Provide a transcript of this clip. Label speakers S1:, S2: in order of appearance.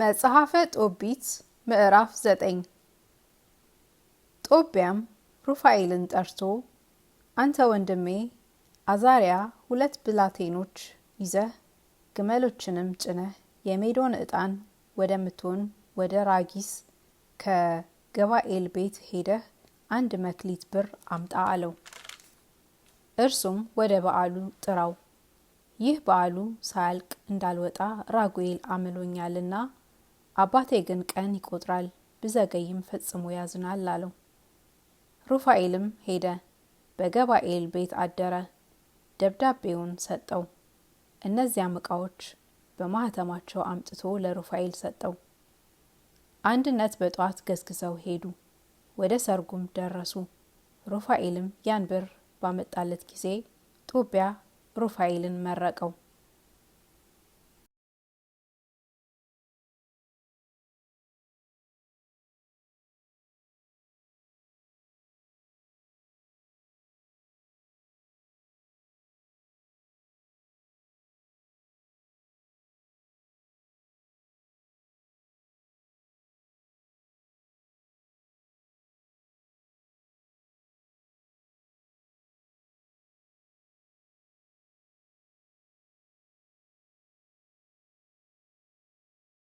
S1: መጽሐፈ ጦቢት ምዕራፍ ዘጠኝ ጦቢያም ሩፋኤልን ጠርቶ አንተ ወንድሜ አዛሪያ ሁለት ብላቴኖች ይዘህ ግመሎችንም ጭነህ የሜዶን ዕጣን ወደምትሆን ወደ ራጊስ ከገባኤል ቤት ሄደህ አንድ መክሊት ብር አምጣ አለው። እርሱም ወደ በዓሉ ጥራው፣ ይህ በዓሉ ሳያልቅ እንዳልወጣ ራጉኤል አምሎኛልና አባቴ ግን ቀን ይቆጥራል፣ ብዘገይም ፈጽሞ ያዝናል አለው። ሩፋኤልም ሄደ፣ በገባኤል ቤት አደረ። ደብዳቤውን ሰጠው። እነዚያም እቃዎች በማህተማቸው አምጥቶ ለሩፋኤል ሰጠው። አንድነት በጠዋት ገዝግዘው ሄዱ። ወደ ሰርጉም ደረሱ። ሩፋኤልም ያን ብር ባመጣለት ጊዜ ጦቢያ ሩፋኤልን መረቀው።